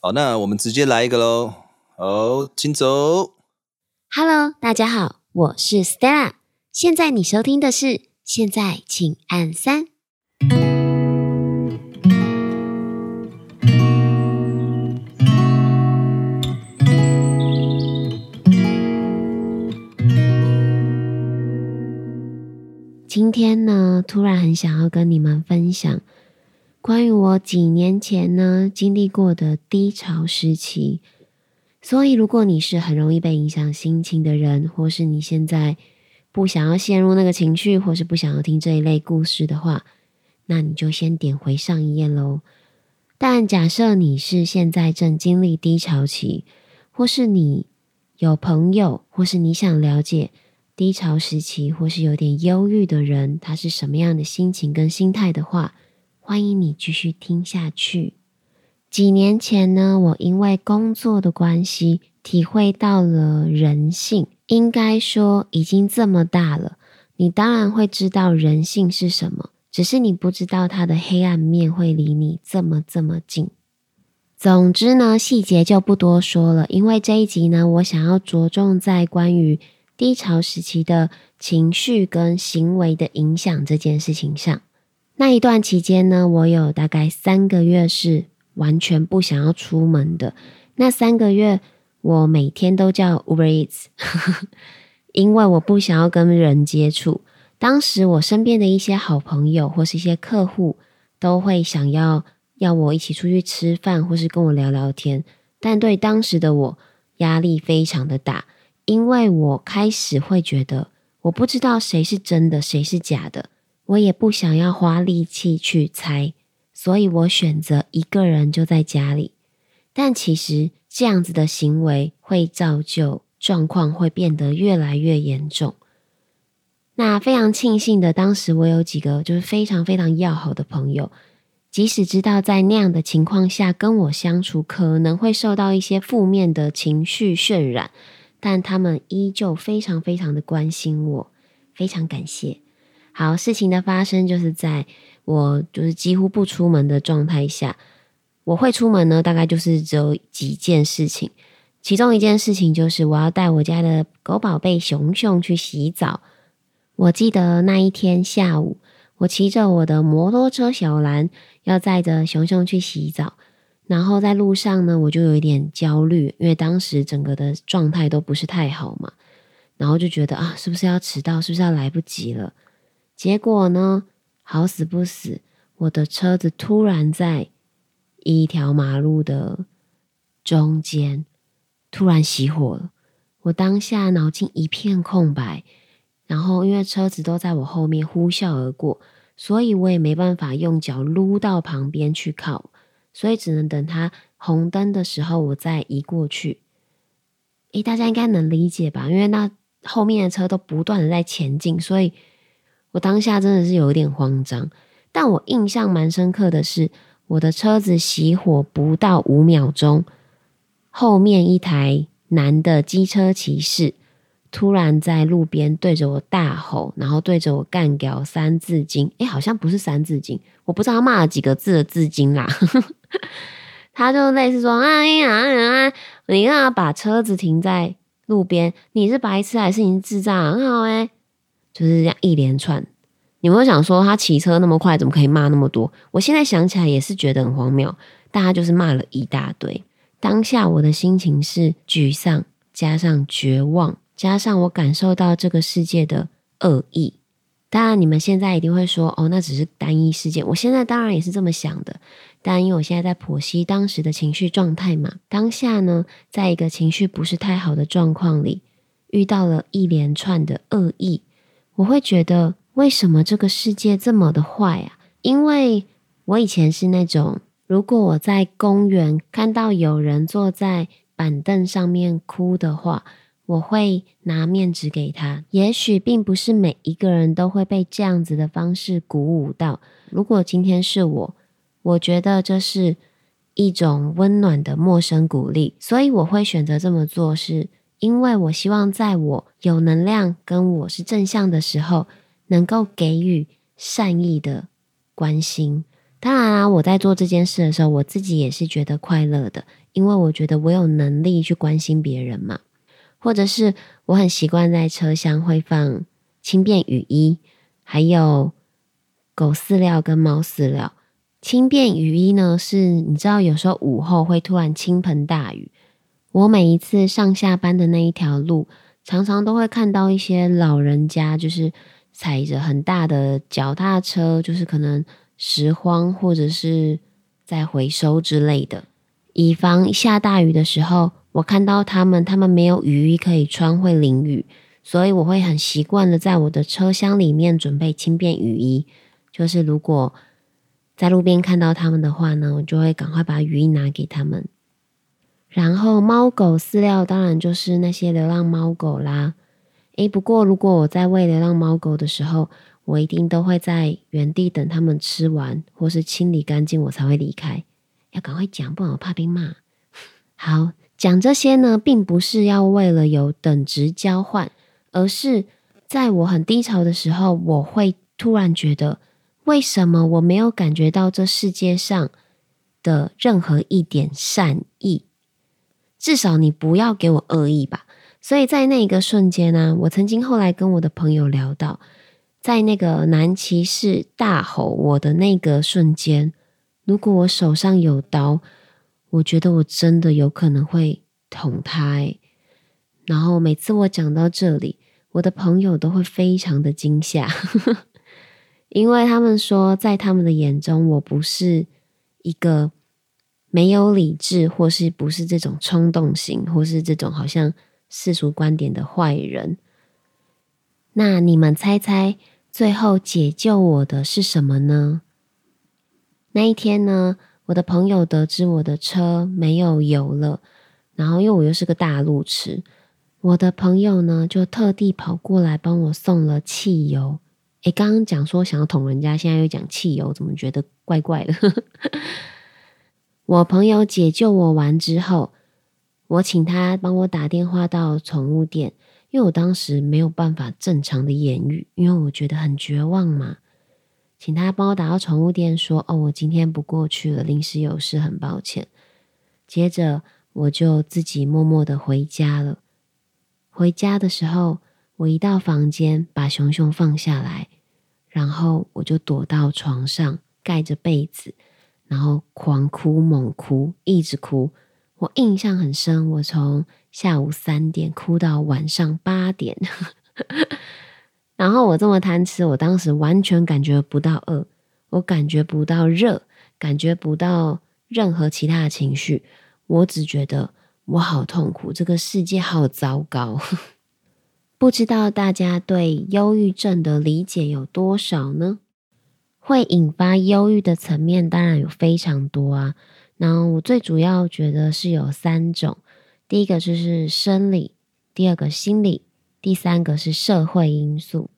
好，那我們直接來一個嘍。好，請走。Hello，大家好，我是 Stella，現在你收聽的是，現在請按三。今天呢，突然很想要跟你們分享。關於我幾年前呢經歷過的低潮時期，所以如果你是很容易被影響心情的人，或是你現在不想要陷入那個情緒，或是不想要聽這一類故事的話，那你就先點回上一頁嘍。但假設你是現在正經歷低潮期，或是你有朋友，或是你想了解低潮時期，或是有點憂鬱的人，他是什麼樣的心情跟心態的話。歡迎你繼續聽下去。幾年前呢，我因為工作的關係，體會到了人性。應該說，已經這麼大了，你當然會知道人性是什麼，只是你不知道它的黑暗面會離你這麼這麼近。總之呢，細節就不多說了，因為這一集呢，我想要着重在關於低潮時期的情緒跟行為的影響這件事情上。那一段期間呢，我有大概三個月是完全不想要出門的。那三個月，我每天都叫 Uber Eats，呵呵，因為我不想要跟人接觸。當時我身邊的一些好朋友或是一些客戶，都會想要要我一起出去吃飯或是跟我聊聊天，但對當時的我壓力非常的大，因為我開始會覺得我不知道誰是真的，誰是假的。我也不想要花力氣去猜，所以我選擇一個人就在家裡。但其實這樣子的行為會造就狀況會變得越來越嚴重。那非常慶幸的，當時我有幾個就是非常非常要好的朋友，即使知道在那樣的情況下跟我相處可能會受到一些負面的情緒渲染，但他們依舊非常非常的關心我，非常感謝。好，事情的發生就是在我就是幾乎不出門的狀態下，我會出門呢，大概就是只有幾件事情，其中一件事情就是我要帶我家的狗寶貝熊熊去洗澡。我記得那一天下午，我騎着我的摩托車小蘭，要載着熊熊去洗澡，然後在路上呢，我就有一點焦慮，因為當時整個的狀態都不是太好嘛，然後就覺得啊，是不是要遲到，是不是要來不及了。結果呢？好死不死，我的車子突然在一條馬路的中間突然熄火了。我當下腦筋一片空白，然後因為車子都在我後面呼嘯而過，所以我也沒辦法用腳擼到旁邊去靠，所以只能等它紅燈的時候我再移過去。誒，大家應該能理解吧？因為那後面的車都不斷的在前進，所以。我當下真的是有一點慌張，但我印象蠻深刻的是，我的車子熄火不到五秒鐘，後面一台男的機車騎士突然在路邊對着我大吼，然後對着我幹譙三字經，哎、欸，好像不是三字經，我不知道他罵了幾個字的字經啦，呵呵他就類似說，哎、啊、呀、啊啊啊，你讓他把車子停在路邊？你是白痴還是你智障？很好哎、欸。就是這樣一連串，你們會想說他騎車那麼快，怎麼可以罵那麼多？我現在想起來也是覺得很荒謬，但他就是罵了一大堆。當下我的心情是沮喪，加上絕望，加上我感受到這個世界的惡意。當然，你們現在一定會說：“哦，那只是單一事件。”我現在當然也是這麼想的，但因為我現在在剖析當時的情緒狀態嘛，當下呢，在一個情緒不是太好的狀況裡，遇到了一連串的惡意。我會覺得，為什麼這個世界這麼的壞啊？因為我以前是那種，如果我在公園看到有人坐在板凳上面哭的話，我會拿面紙給他。也許並不是每一個人都會被這樣子的方式鼓舞到。如果今天是我，我覺得這是一種溫暖的陌生鼓勵，所以我會選擇這麼做是。因為我希望在我有能量跟我是正向的時候，能夠給予善意的關心。當然啦、啊，我在做這件事的時候，我自己也是覺得快樂的，因為我覺得我有能力去關心別人嘛。或者是我很習慣在車廂會放輕便雨衣，還有狗飼料跟貓飼料。輕便雨衣呢，是你知道有時候午後會突然傾盆大雨。我每一次上下班的那一條路，常常都會看到一些老人家，就是踩着很大的腳踏車，就是可能拾荒或者是在回收之類的。以防下大雨的時候，我看到他們，他們沒有雨衣可以穿，會淋雨，所以我會很習慣的在我的車廂裡面準備輕便雨衣。就是如果在路邊看到他們的話呢，我就會趕快把雨衣拿給他們。然後貓狗飼料當然就是那些流浪貓狗啦。誒，不過如果我在餵流浪貓狗的時候，我一定都會在原地等他們吃完或是清理乾淨，我才會離開。要趕快講，不然我怕被罵。好，講這些呢，並不是要為了有等值交換，而是在我很低潮的時候，我會突然覺得，為什麼我沒有感覺到這世界上的任何一點善意？至少你不要給我惡意吧。所以在那個瞬間呢，我曾經後來跟我的朋友聊到，在那個男騎士大吼我的那個瞬間，如果我手上有刀，我覺得我真的有可能會捅他。然後每次我講到這裡，我的朋友都會非常的驚嚇， 因為他們說，在他們的眼中，我不是一個。沒有理智，或是不是這種衝動型，或是這種好像世俗觀點的壞人。那你們猜猜，最後解救我的是什麼呢？那一天呢，我的朋友得知我的車沒有油了，然後因為我又是個大路痴，我的朋友呢就特地跑過來幫我送了汽油。誒，剛剛講說想要捅人家，現在又講汽油，怎麼覺得怪怪的？ 我朋友解救我完之後，我請他幫我打電話到寵物店，因為我當時沒有辦法正常的言語，因為我覺得很絕望嘛，請他幫我打到寵物店說：“哦，我今天不過去了，臨時有事，很抱歉。”接着我就自己默默的回家了。回家的時候，我一到房間，把熊熊放下來，然後我就躲到床上，蓋着被子。然後狂哭猛哭，一直哭。我印象很深，我從下午三點哭到晚上八點。 然後我這麼貪吃，我當時完全感覺不到餓，我感覺不到熱，感覺不到任何其他的情緒，我只覺得我好痛苦，這個世界好糟糕。 不知道大家對憂鬱症的理解有多少呢？會引發憂鬱的層面當然有非常多啊，然後我最主要覺得是有三種，第一個就是生理，第二個心理，第三個是社會因素。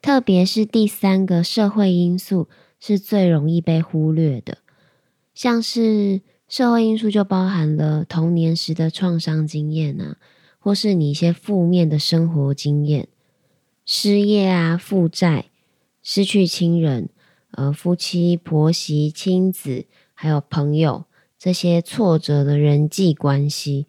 特別是第三個社會因素是最容易被忽略的，像是社會因素就包含了童年時的創傷經驗啊，或是你一些負面的生活經驗，失業啊、負債、失去親人。呃，夫妻、婆媳、親子，還有朋友這些挫折的人際關係，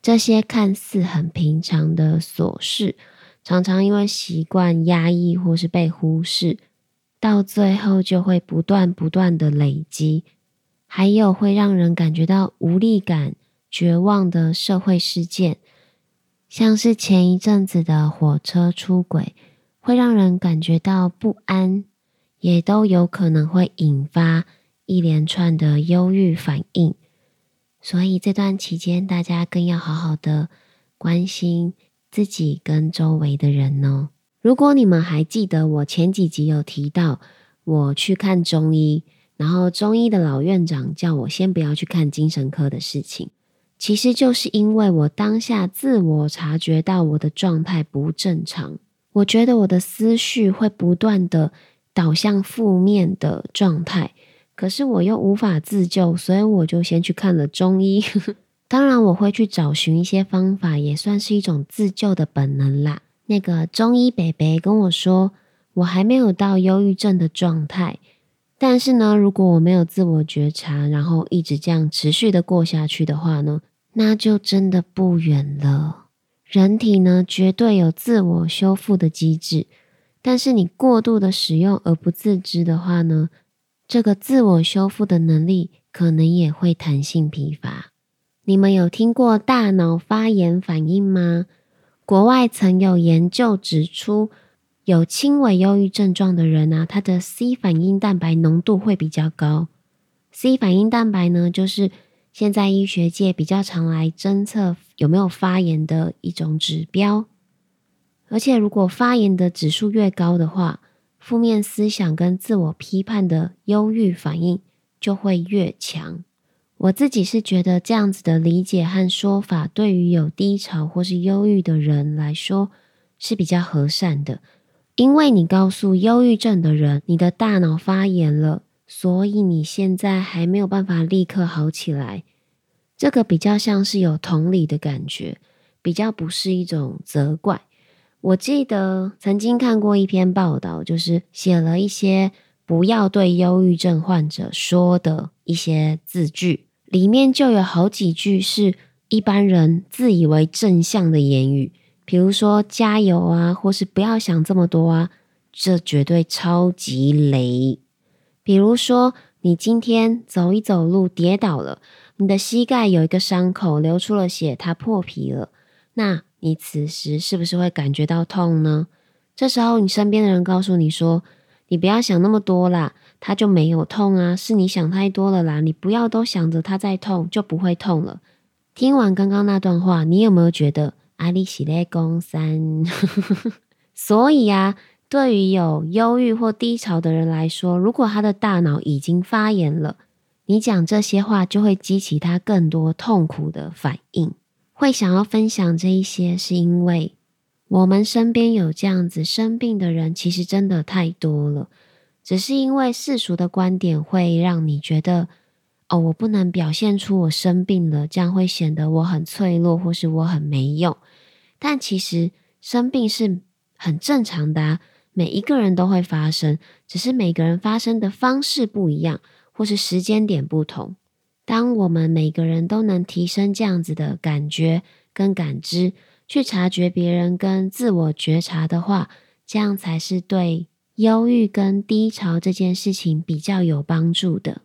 這些看似很平常的瑣事，常常因為習慣壓抑或是被忽視，到最後就會不斷不斷的累積，還有會讓人感覺到無力感、絕望的社會事件，像是前一陣子的火車出軌，會讓人感覺到不安。也都有可能會引發一連串的憂鬱反應，所以這段期間大家更要好好的關心自己跟周圍的人哦。如果你們還記得我前幾集有提到我去看中醫，然後中醫的老院長叫我先不要去看精神科的事情，其實就是因為我當下自我察覺到我的狀態不正常，我覺得我的思緒會不斷的。導向負面的狀態，可是我又無法自救，所以我就先去看了中醫。 當然，我會去找尋一些方法，也算是一種自救的本能啦。那個中醫北北跟我說，我還沒有到憂鬱症的狀態，但是呢，如果我沒有自我覺察，然後一直這樣持續的過下去的話呢，那就真的不遠了。人體呢，絕對有自我修復的機制。但是你過度的使用而不自知的話呢，這個自我修復的能力可能也會彈性疲乏。你們有聽過大腦發炎反應嗎？國外曾有研究指出，有輕微憂鬱症狀的人啊，他的 C 反應蛋白濃度會比較高。C 反應蛋白呢，就是現在醫學界比較常來偵測有沒有發炎的一種指標。而且，如果發炎的指數越高的話，負面思想跟自我批判的憂鬱反應就會越強。我自己是覺得這樣子的理解和說法，對於有低潮或是憂鬱的人來說是比較和善的，因為你告訴憂鬱症的人，你的大腦發炎了，所以你現在還沒有辦法立刻好起來。這個比較像是有同理的感覺，比較不是一種責怪。我記得曾經看過一篇報道就是寫了一些不要對憂鬱症患者說的一些字句，裡面就有好幾句是一般人自以為正向的言語，比如說加油啊，或是不要想這麼多啊，這絕對超級雷。比如說你今天走一走路跌倒了，你的膝蓋有一個傷口，流出了血，它破皮了，那。你此時是不是會感覺到痛呢？這時候，你身邊的人告訴你說：“你不要想那麼多啦，他就沒有痛啊，是你想太多了啦，你不要都想着他在痛，就不會痛了。”聽完剛剛那段話，你有沒有覺得阿你係咧公三？ 所以啊，對於有憂鬱或低潮的人來說，如果他的大腦已經發炎了，你講這些話就會激起他更多痛苦的反應。會想要分享這一些，是因為我們身邊有這樣子生病的人，其實真的太多了。只是因為世俗的觀點會讓你覺得，哦，我不能表現出我生病了，這樣會顯得我很脆弱，或是我很沒用。但其實生病是很正常的啊，每一個人都會發生，只是每個人發生的方式不一樣，或是時間點不同。當我們每個人都能提升這樣子的感覺跟感知，去察覺別人跟自我覺察的話，這樣才是對憂鬱跟低潮這件事情比較有幫助的。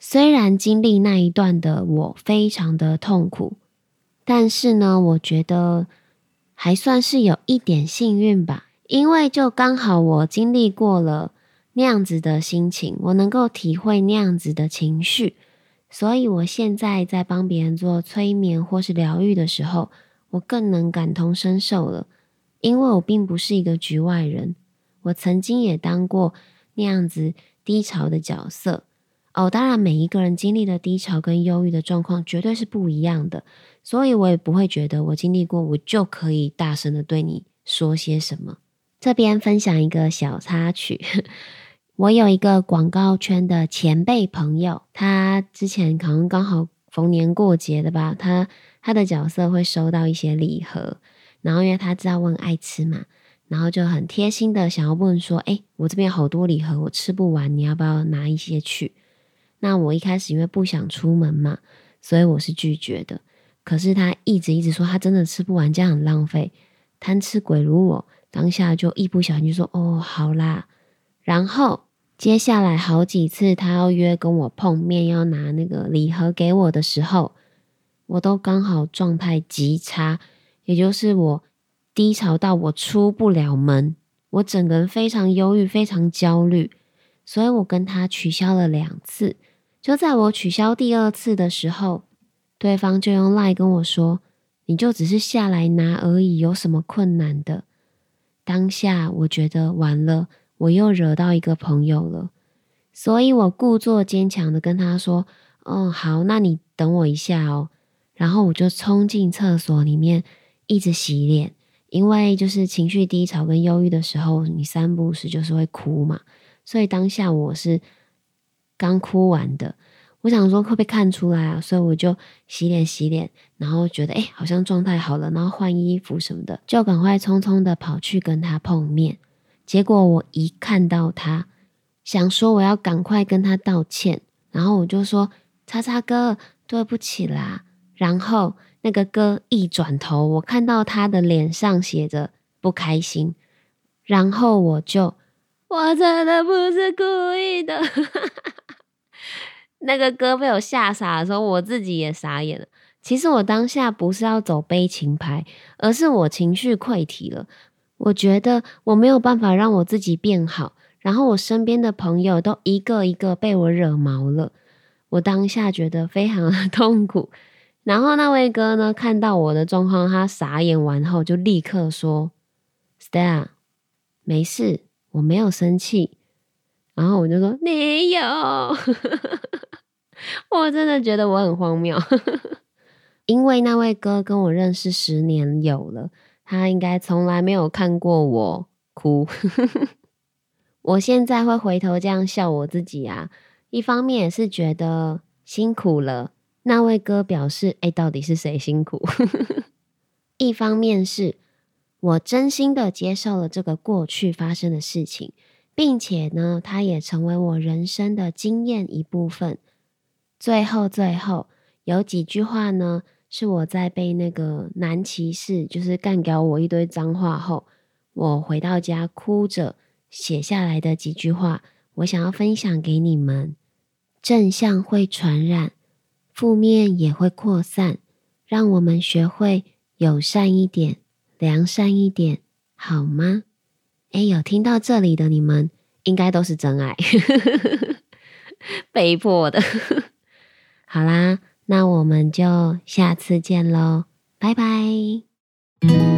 雖然經歷那一段的我非常的痛苦，但是呢，我覺得還算是有一點幸運吧，因為就剛好我經歷過了那樣子的心情，我能夠體會那樣子的情緒。所以，我現在在幫別人做催眠或是療癒的時候，我更能感同身受了，因為我並不是一個局外人，我曾經也當過那樣子低潮的角色。哦，當然，每一個人經歷的低潮跟憂鬱的狀況絕對是不一樣的，所以我也不會覺得我經歷過，我就可以大聲的對你說些什麼。這邊分享一個小插曲。我有一個廣告圈的前輩朋友，他之前可能剛好逢年過節的吧，他他的角色會收到一些禮盒，然後因為他知道我很愛吃嘛，然後就很貼心的想要問說，哎，我這邊好多禮盒，我吃不完，你要不要拿一些去？那我一開始因為不想出門嘛，所以我是拒絕的。可是他一直一直說，他真的吃不完，這樣很浪費，貪吃鬼如我，當下就一不小心就說，哦，好啦，然後。接下來好幾次，他要約跟我碰面，要拿那個禮盒給我的時候，我都剛好狀態極差，也就是我低潮到我出不了門，我整個人非常憂鬱，非常焦慮，所以我跟他取消了兩次。就在我取消第二次的時候，對方就用賴跟我說：“你就只是下來拿而已，有什麼困難的？”當下我覺得完了。我又惹到一個朋友了，所以我故作堅強的跟他說：“嗯，好，那你等我一下哦。”然後我就衝進廁所裡面，一直洗臉，因為就是情緒低潮跟憂鬱的時候，你三不五時就是會哭嘛。所以當下我是剛哭完的，我想說會被看出來啊？所以我就洗臉洗臉，然後覺得誒好像狀態好了，然後換衣服什麼的，就趕快匆匆的跑去跟他碰面。結果我一看到他，想說我要趕快跟他道歉，然後我就說：“叉叉哥，對不起啦。”然後那個哥一轉頭，我看到他的臉上寫着不開心，然後我就：“我真的不是故意的。 ”那個哥被我嚇傻的時候，我自己也傻眼了。其實我當下不是要走悲情牌，而是我情緒潰堤了。我覺得我沒有辦法讓我自己變好，然後我身邊的朋友都一個一個被我惹毛了，我當下覺得非常的痛苦。然後那位哥呢，看到我的狀況，他傻眼完後就立刻說：“Stella，沒事，我沒有生氣。”然後我就說：“沒有。 ”我真的覺得我很荒謬， 因為那位哥跟我認識十年有了。他應該從來沒有看過我哭， 我現在會回頭這樣笑我自己啊。一方面也是覺得辛苦了，那位哥表示：“欸，到底是誰辛苦？” 一方面是我真心的接受了這個過去發生的事情，並且呢，它也成為我人生的經驗一部分。最後，最後有幾句話呢，是我在被那個男騎士就是幹掉我一堆髒話後，我回到家哭着寫下來的幾句話，我想要分享給你們。正向會傳染，負面也會擴散，讓我們學會友善一點、良善一點，好嗎？誒、欸、有聽到這裡的你們，應該都是真愛， 被迫的。 好啦。那我們就下次見嘍，拜拜。